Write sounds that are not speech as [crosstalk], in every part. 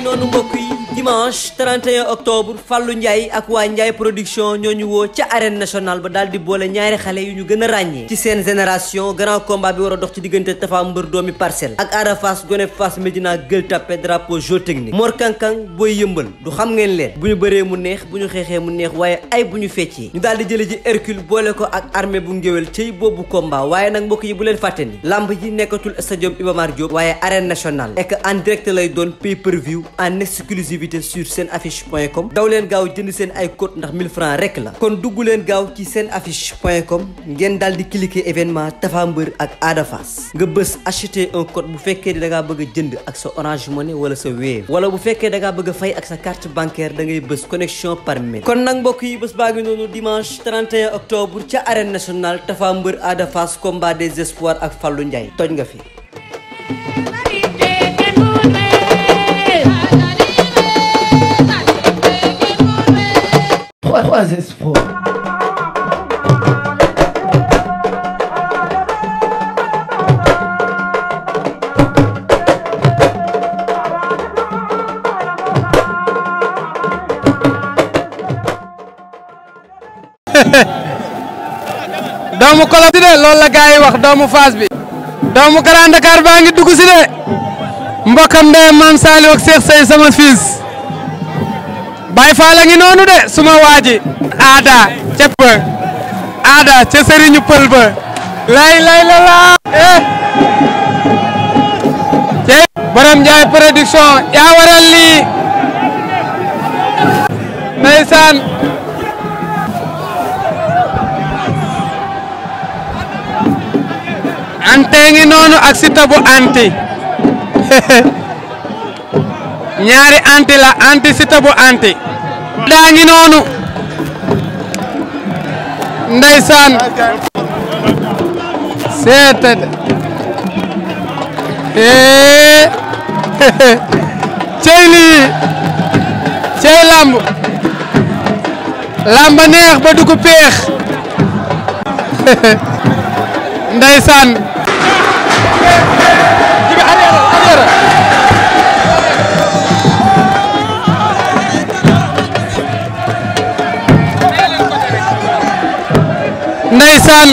ngi noonu mbokk yi dimanche 31 octobre Fallou Ndiaye ak waa Ndiaye production ñoo ñu woo ca arène nationale ba daal di boole ñaari xale yu ñu gën a ràññee ci seen génération grand combat bi war a dox ci diggante Tapha Mbeur doomi parcelle ak Ada Fass gone Fass Médina Gueule Tapée drapeau jeu technique Mor Kankang booy yëmbal du xam ngeen leen bu ñu bëree mu neex bu ñu xeexee mu neex waaye ay bu ñu feccee ñu daal di jële ji Hercule boole ko ak armée bu ngéwél cey boobu combat waaye nag mbokk yi leen fàtte ni lamb ji nekkatul stadium Iba Mar Diop waaye arène nationale et que en lay doon pay activité sur seen affiche point com daw leen gaaw jënd seen ay code ndax 1000 francs rek la kon dugg leen gaaw ci seen affiche point com ngeen daal di cliquer événement Tapha Mbeur ak Ada nga bës acheter un code bu fekkee da ngaa bëgg jënd ak sa Orange Money wala sa Wave wala bu fekkee da ngaa bëgg a ak sa carte bancaire da ngay bës connexion par mail kon nag mbokk yi bés baa ngi noonu dimanche 31 octobre ca arène nationale Tapha mbër Ada Fass combat des espoirs ak Fallou Ndiaye nga fi what was this for? doomu kolo si de loolu la gars yi wax doomu Fass bi doomu Grand Dakar baa ngi dugg si de mbokkam de Mame Saliou ak Cheikh Seye sama fils Baye Fall ngi noonu de suma waaji aada ca ba lay lay la laa eh cey borom production yaa waral lii ndeysaan ante ngi noonu ak sita bu anti [laughs] ñaari anti la anti Siteu bu anti. daa ngi noonu. ndeysaan. seetal. hee. Eh. [laughs] cey lii. cey lamb. lamba neex ba du ko peex. [laughs] ndeysaan. ndeysaan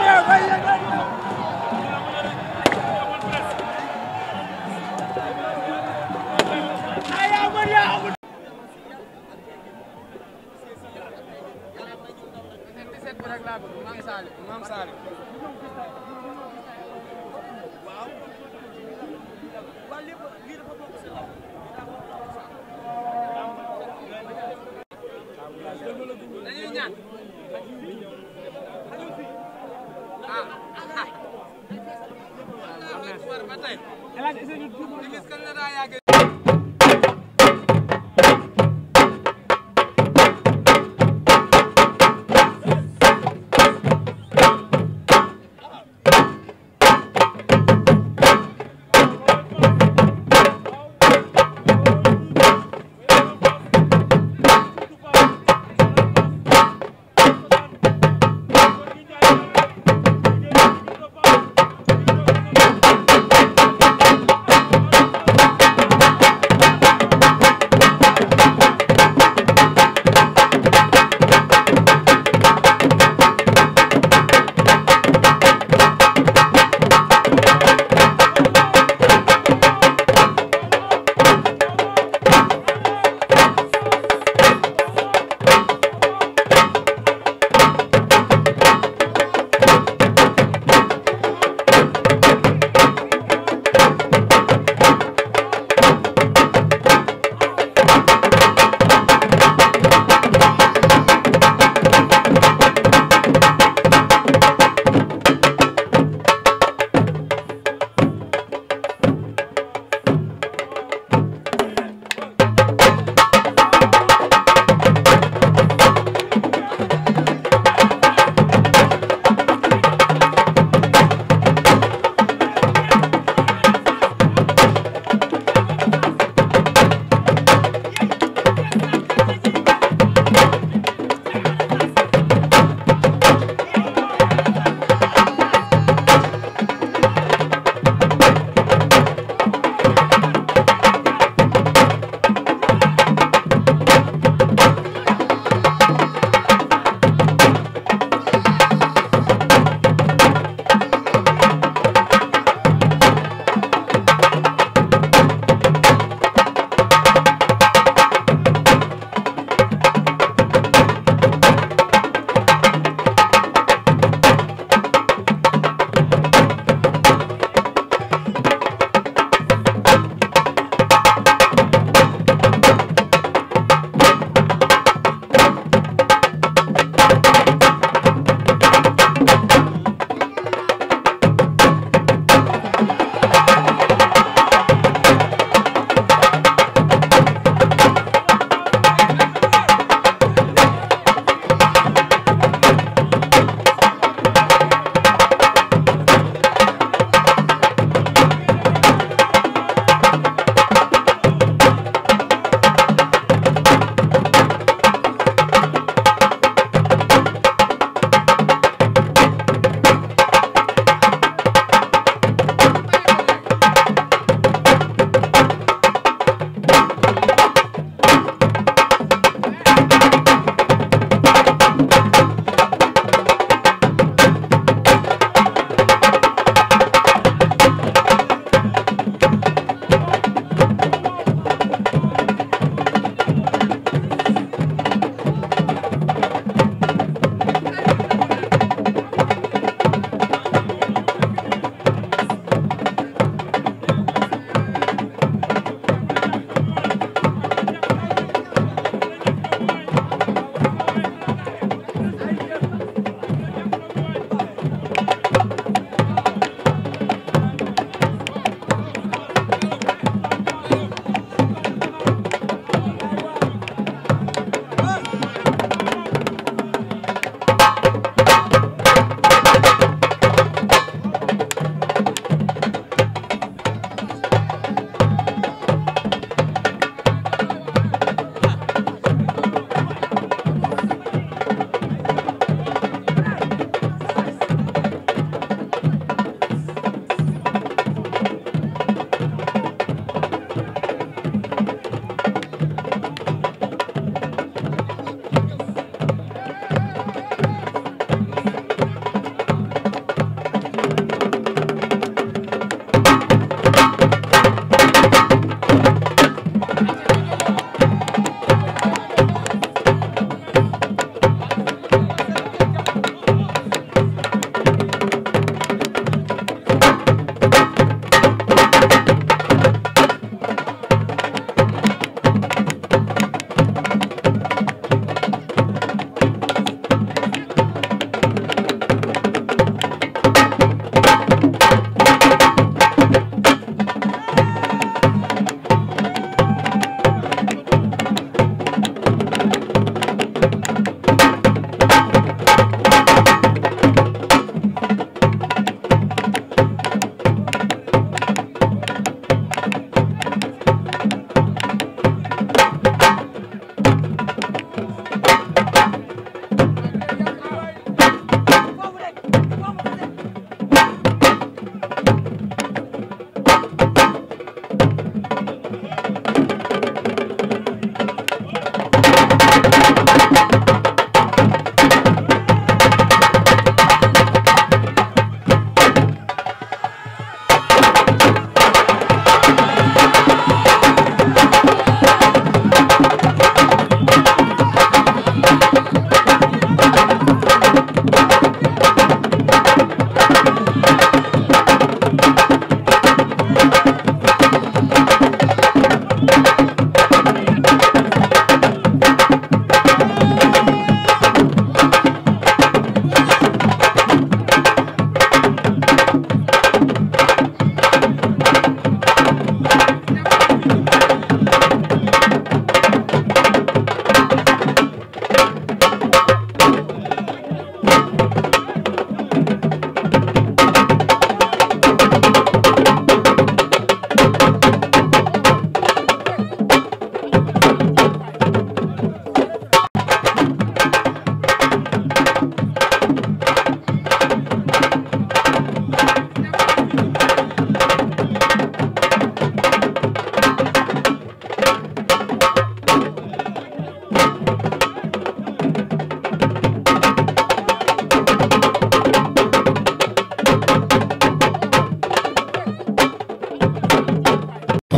Vai, vai, vai. Elhaj, essaye de tout.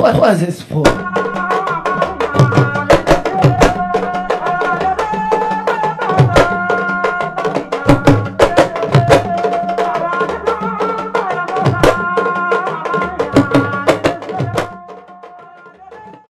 trois espoirs.